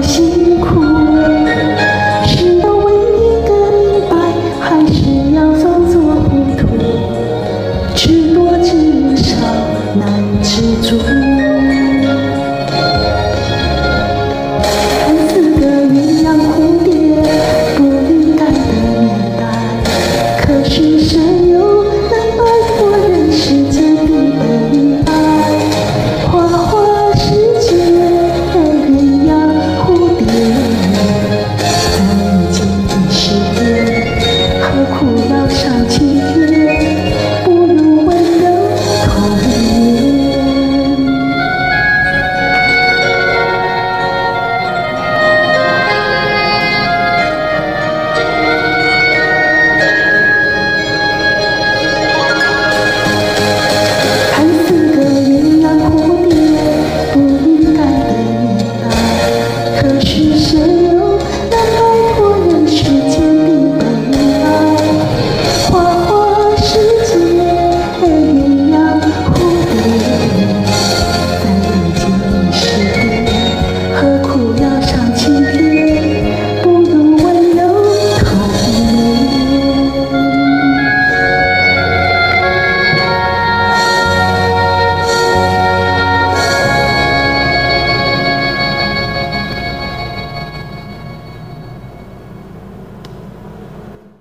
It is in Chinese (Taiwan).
辛苦，是要問一個明白，還是要裝作糊塗？知多知少難知足。